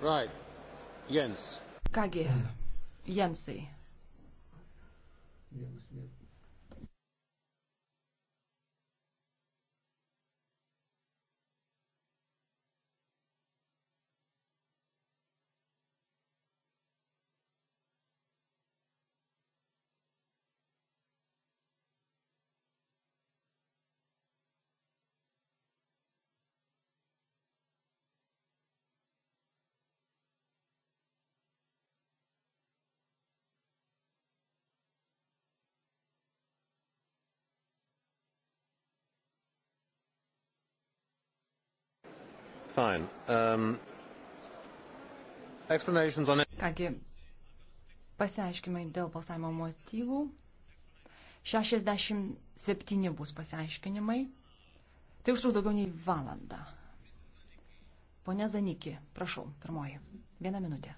Right. Jens. Kągi, Jensai. Vienas mėgų. Fine. Um, explanations on it. Kągi, pasiaiškimai dėl balsavimo motyvų. 67 bus pasiaiškinimai. Tai užtruks daugiau nei valandą. Pone Zanikį, prašau, pirmoji. Vieną minutę.